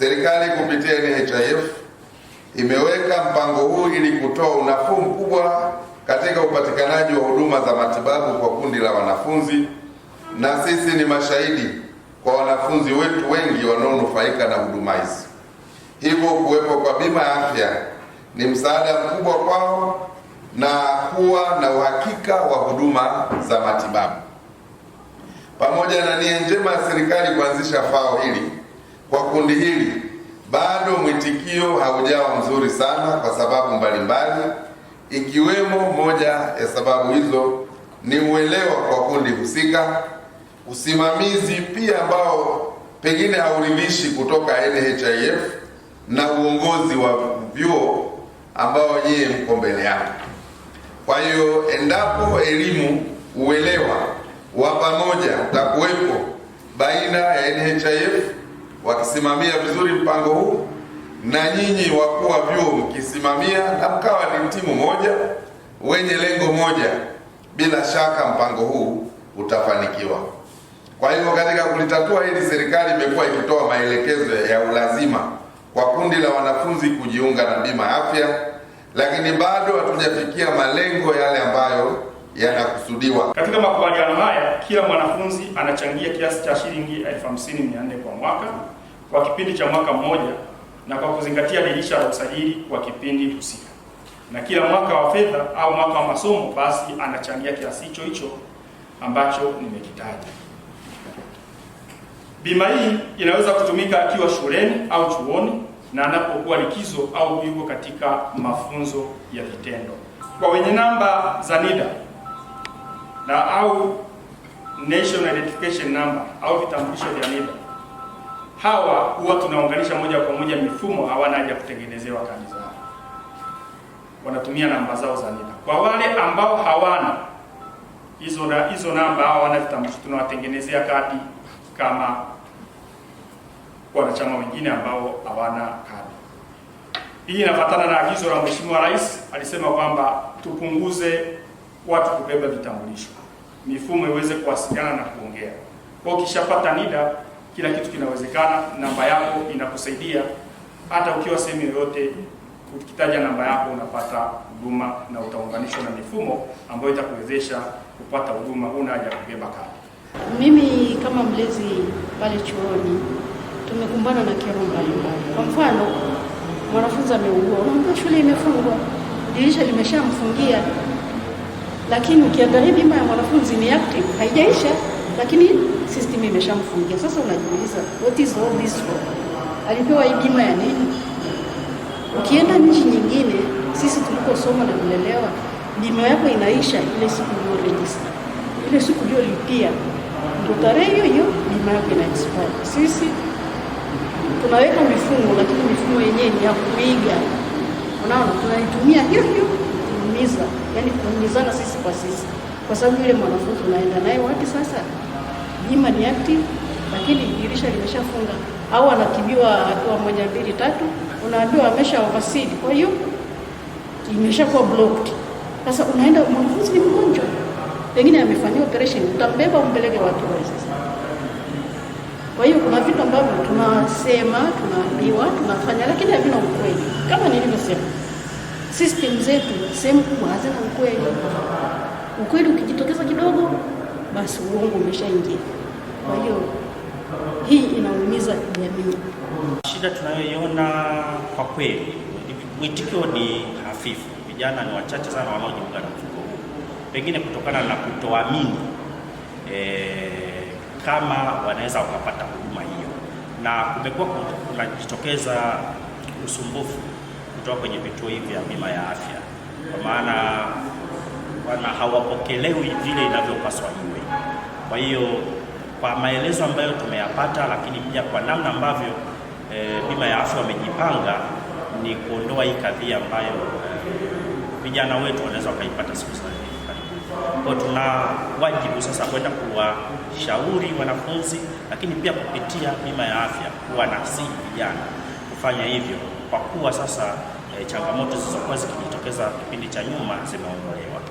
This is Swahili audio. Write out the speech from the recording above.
Serikali kupitia NHIF imeweka mpango huu ili kutoa unafuu mkubwa katika upatikanaji wa huduma za matibabu kwa kundi la wanafunzi, na sisi ni mashahidi kwa wanafunzi wetu wengi wanaonufaika na huduma hizi. Hivyo kuwepo kwa bima ya afya ni msaada mkubwa kwao na kuwa na uhakika wa huduma za matibabu. Pamoja na nia njema ya serikali kuanzisha FAO hili kwa kundi hili bado mwitikio haujawa mzuri sana kwa sababu mbalimbali, ikiwemo moja ya sababu hizo ni uelewa kwa kundi husika, usimamizi pia ambao pengine hauridhishi kutoka NHIF na uongozi wa vyuo ambao yeye mko mbele yako. Kwa hiyo endapo elimu, uelewa wa pamoja utakuwepo baina ya NHIF wakisimamia vizuri mpango huu na nyinyi wakuu wa vyuo mkisimamia na mkawa ni timu moja wenye lengo moja, bila shaka mpango huu utafanikiwa. Kwa hivyo katika kulitatua hili, serikali imekuwa ikitoa maelekezo ya ulazima kwa kundi la wanafunzi kujiunga na bima afya, lakini bado hatujafikia malengo yale ambayo yanakusudiwa. Katika makubaliano haya, kila mwanafunzi anachangia kiasi cha shilingi elfu hamsini mia nne kwa mwaka kwa kipindi cha mwaka mmoja na kwa kuzingatia dirisha la usajili kwa kipindi husika, na kila mwaka wa fedha au mwaka wa masomo, basi anachangia kiasi hicho hicho ambacho nimekitaja. Bima hii inaweza kutumika akiwa shuleni au chuoni na anapokuwa likizo au yuko katika mafunzo ya vitendo. Kwa wenye namba za NIDA na au national identification number au vitambulisho vya NIDA. Hawa huwa tunaunganisha moja kwa moja mifumo, hawana haja kutengenezewa kadi zao, wanatumia namba zao za NIDA. Kwa wale ambao hawana hizo na hizo namba, hawana vitambulisho, tunawatengenezea kadi kama wanachama wengine ambao hawana kadi. Hii inafuatana na agizo la Mheshimiwa Rais, alisema kwamba tupunguze watu kubeba vitambulisho, mifumo iweze kuwasiliana na kuongea. Kwa ukishapata NIDA kila kitu kinawezekana. Namba yako inakusaidia hata ukiwa sehemu yoyote, ukitaja namba yako unapata huduma na utaunganishwa na mifumo ambayo itakuwezesha kupata huduma, una haja kubeba kadi. Mimi kama mlezi pale chuoni tumekumbana na kero mbalimbali. Kwa mfano, mwanafunzi ameugua, shule imefungwa, dirisha limeshamfungia lakini ukiangalia bima ya mwanafunzi ni active, haijaisha, lakini system imeshamfungia. Sasa unajiuliza what is all this for? Alipewa hii bima ya nini? Ukienda nchi nyingine, sisi tulikosoma na kulelewa, bima yako inaisha ile siku uliyorejista, ile siku uliyolipia, ndio tarehe hiyo hiyo bima yako ina expire. Sisi tunaweka mifumo, lakini mifumo yenyewe ni ya kuiga. Unaona, tunaitumia hiyo hiyo kuumiza, yani kuumizana sisi kwa sisi, kwa sababu yule mwanafunzi unaenda naye wapi sasa? Jima ni active, lakini dirisha limeshafunga, au anatibiwa hatua moja mbili tatu, unaambiwa amesha overseed, kwa hiyo imeshakuwa blocked. Sasa unaenda mwanafunzi ni mgonjwa, pengine amefanyiwa operation, utambeba umpeleke watu wa sasa? Kwa hiyo kuna vitu ambavyo tunasema, tunaambiwa, tunafanya, lakini havina ukweli, kama nilivyosema system zetu sehemu kubwa hazina ukweli. Ukweli ukijitokeza kidogo, basi uongo umeshaingia. Kwa hiyo hii inaumiza jamii. Shida tunayoiona kwa kweli, mwitikio ni hafifu. Vijana ni wachache sana wanaojiunga na mfuko huu, pengine kutokana na kutoamini e, kama wanaweza wakapata huduma hiyo, na kumekuwa kunajitokeza usumbufu kutoka kwenye vituo hivi vya bima ya afya, kwa maana wana hawapokelewi vile inavyopaswa iwe. Kwa hiyo kwa maelezo ambayo tumeyapata, lakini pia kwa namna ambavyo e, bima ya afya wamejipanga ni kuondoa hii kadhia ambayo eh, vijana e, wetu wanaweza wakaipata siku za kwa tuna wajibu sasa kwenda kuwashauri wanafunzi, lakini pia kupitia bima ya afya kuwa nasi vijana kufanya hivyo kwa kuwa sasa e, changamoto zilizokuwa zikijitokeza kipindi cha nyuma zimeondolewa.